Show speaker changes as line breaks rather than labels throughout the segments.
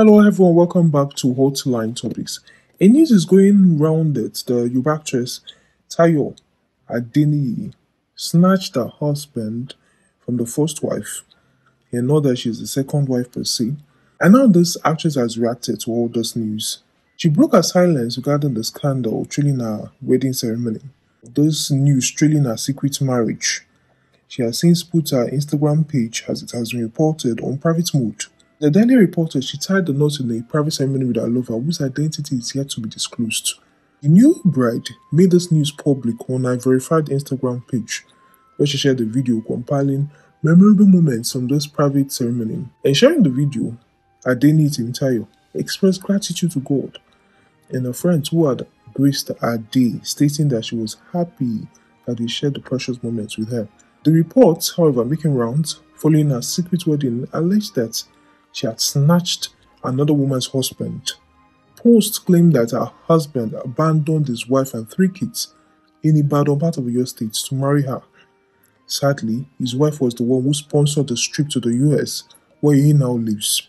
Hello everyone, welcome back to Hotline Topics. A news is going round that the Yoruba actress Tayo Adeniyi snatched her husband from the first wife. You know that she's the second wife per se. And now this actress has reacted to all this news. She broke her silence regarding the scandal trailing her wedding ceremony. This news trailing her secret marriage. She has since put her Instagram page, as it has been reported, on private mode the Daily reported she tied the knot in a private ceremony with her lover, whose identity is yet to be disclosed. The new bride made this news public on her verified Instagram page, where she shared a video compiling memorable moments from this private ceremony. And sharing the video, Adeni Timtayo expressed gratitude to God and her friends who had graced her day, stating that she was happy that they shared the precious moments with her. The reports, however, making rounds following her secret wedding, alleged that she had snatched another woman's husband. Posts claim that her husband abandoned his wife and three kids in Ibadan, part of your State, to marry her. Sadly, his wife was the one who sponsored the trip to the US, where he now lives.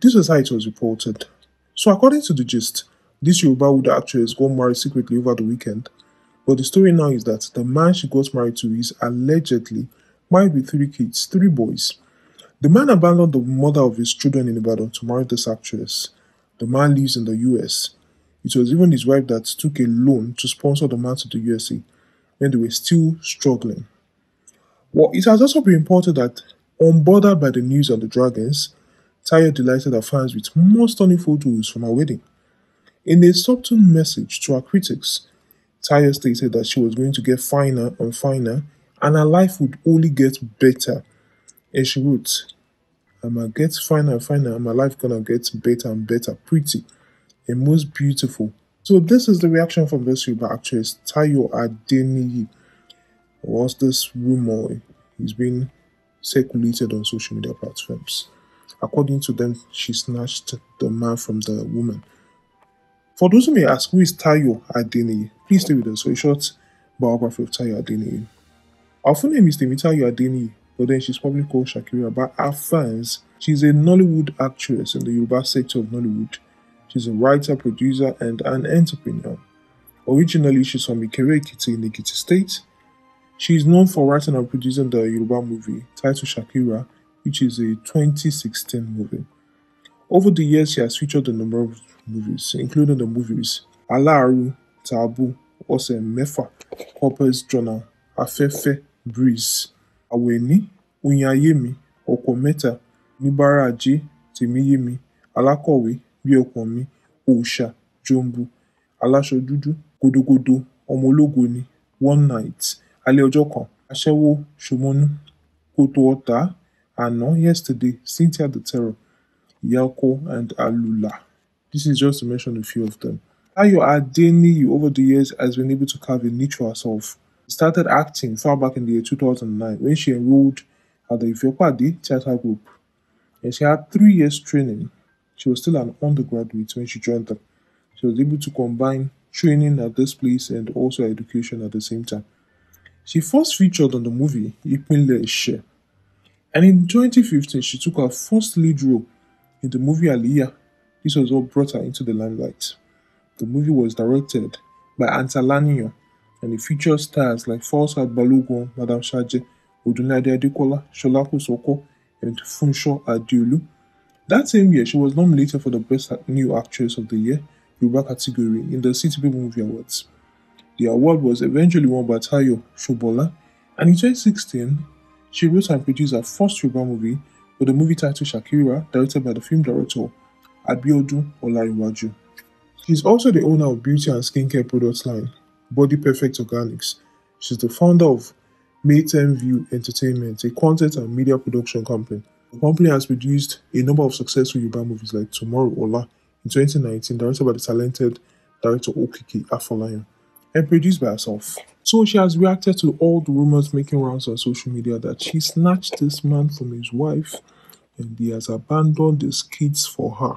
This is how it was reported. So, according to the gist, this Yoruba Uda actress go married secretly over the weekend. But the story now is that the man she got married to is allegedly married with three kids, three boys. The man abandoned the mother of his children in Ibadan to marry this actress. The man lives in the US. It was even his wife that took a loan to sponsor the man to the USA when they were still struggling. Well, it has also been reported that, unbothered by the news on the dragons, Tayo delighted her fans with more stunning photos from her wedding. In a subtle message to her critics, Tayo stated that she was going to get finer and finer and her life would only get better. And she wrote, I'ma get finer and finer, and my life gonna get better and better, pretty, and most beautiful. So this is the reaction from this super actress Tayo Adeniyi. Was this rumor is being circulated on social media platforms? According to them, she snatched the man from the woman. For those who may ask, who is Tayo Adeniyi? Please stay with us for a short biography of Tayo Adeniyi. Our full name is Temitayo Adeniyi but then she's probably called Shakira by her fans. She's a Nollywood actress in the Yoruba sector of Nollywood. She's a writer, producer, and an entrepreneur. Originally, she's from Ikere Ekiti in Kiti State. She is known for writing and producing the Yoruba movie titled Shakira, which is a 2016 movie. Over the years, she has featured in a number of movies, including the movies Alaru, Tabu, Ose Mefa, Corpus Journal, Afefe, Breeze, àwẹ̀ní oyìnyayémi ọkọ̀ mẹ́ta níbàárà ajé tèmíyémi alákọ̀wé bíi ọkàn mi òòṣà jòǹbù aláṣọ dúdú gòdògòdò ọmọ ológo ni one night alẹ́ ọjọ́ kan aṣẹ́wó ṣòmọ́nú kòtò ọ̀tá àná yesterday cynthia the terror yako and alula this is just to mention a few of them. Ayo Adeniyi over the years has been able to carve a niche for herself started acting far back in the year 2009 when she enrolled at the Ifekwadi Theatre Group. And she had three years training. She was still an undergraduate when she joined them. She was able to combine training at this place and also education at the same time. She first featured on the movie Ipinle And in 2015, she took her first lead role in the movie Aliyah. This was what brought her into the limelight. The movie was directed by Antalanio and it features stars like Falsad Balogun, Madam Shaje, Odunlade Adekola, Sholaku Soko, and Funsho Adiolu. That same year, she was nominated for the Best New Actress of the Year, Yoruba category, in the City People Movie Awards. The award was eventually won by Tayo Shobola, and in 2016, she wrote and produced her first Yoruba movie with the movie titled Shakira, directed by the film director Abiodun Olariwaju. She is also the owner of beauty and skincare products line Body Perfect Organics. She's the founder of Maytem View Entertainment, a content and media production company. The company has produced a number of successful Yoruba movies like Tomorrow Ola in 2019, directed by the talented director Okiki Afolayan, and produced by herself. So she has reacted to all the rumors making rounds on social media that she snatched this man from his wife and he has abandoned his kids for her.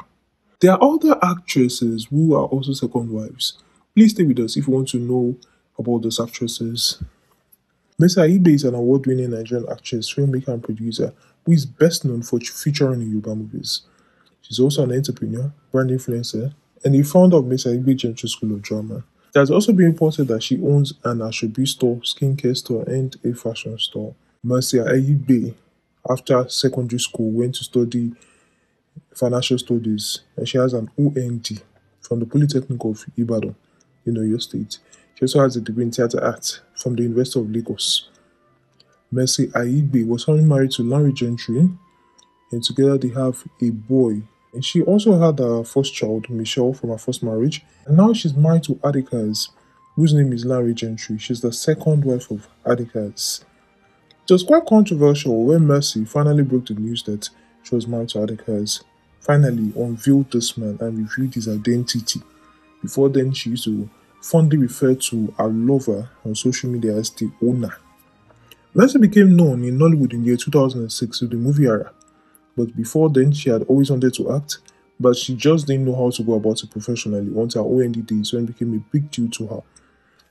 There are other actresses who are also second wives. Please stay with us if you want to know about those actresses. Mercy Ibe is an award winning Nigerian actress, filmmaker, and producer who is best known for featuring in Yoruba movies. She's also an entrepreneur, brand influencer, and the founder of Mercy Ibe Gentry School of Drama. It has also been reported that she owns an attribute store, skincare store, and a fashion store. Mercy Ibe, after secondary school, went to study financial studies and she has an OND from the Polytechnic of Ibadan in Oyo State. She also has a degree in theatre arts from the University of Lagos. Mercy Aibi was only married to Larry Gentry, and together they have a boy. And she also had her first child, Michelle, from her first marriage. And now she's married to Adikas, whose name is Larry Gentry. She's the second wife of Adikas. It was quite controversial when Mercy finally broke the news that she was married to Adikas. Finally, unveiled this man and revealed his identity. Before then, she used to fondly refer to her lover on social media as the owner. Vanessa became known in Nollywood in the year 2006 with the movie Ara, but before then, she had always wanted to act, but she just didn't know how to go about it professionally once her OND days when became a big deal to her.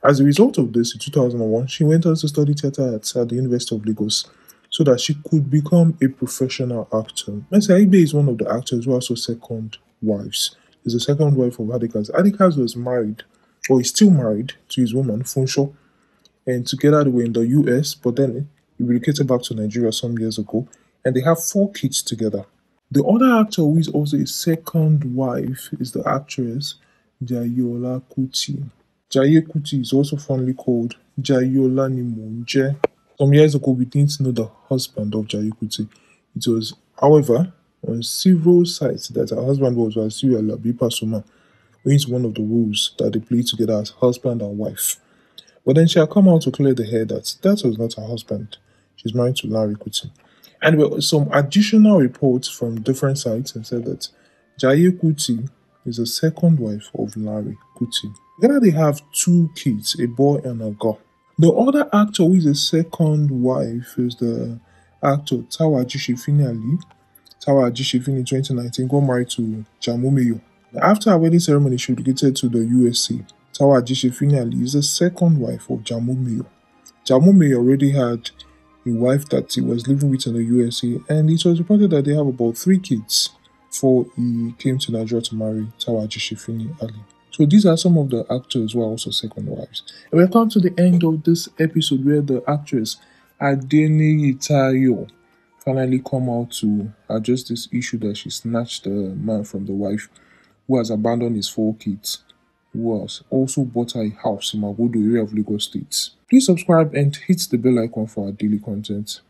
As a result of this, in 2001, she went on to study theatre at, at the University of Lagos so that she could become a professional actor. Mesa Ibe is one of the actors who also second wives is the second wife of Adikas. Adikas was married, or is still married, to his woman, Funsho, and together they were in the US, but then he relocated back to Nigeria some years ago, and they have four kids together. The other actor who is also his second wife is the actress Jayola Kuti. Jaye Kuti is also fondly called Jayola Nimonje. Some years ago, we didn't know the husband of Jaye Kuti. It was, however, on several sites that her husband was a labi Pasuma, is one of the roles that they played together as husband and wife. But then she had come out to clear the air that that was not her husband. She's married to Larry Kuti. And there were some additional reports from different sites and said that Jaye Kuti is the second wife of Larry Kuti. Together they have two kids, a boy and a girl. The other actor who is the second wife is the actor Tawaji Shifini Tawa Ajishifin in 2019 got married to Jamumeyo. After her wedding ceremony, she relocated to the USA. Tawa Ajishifin Ali is the second wife of Jamumeyo. Jamumeyo already had a wife that he was living with in the USA, and it was reported that they have about three kids before he came to Nigeria to marry Tawa Ajishifin Ali. So these are some of the actors who are also second wives. And we come to the end of this episode where the actress Adeniyi Tayo finally come out to address this issue that she snatched the man from the wife who has abandoned his four kids, who has also bought her a house in Magodo area of Lagos State. Please subscribe and hit the bell icon for our daily content.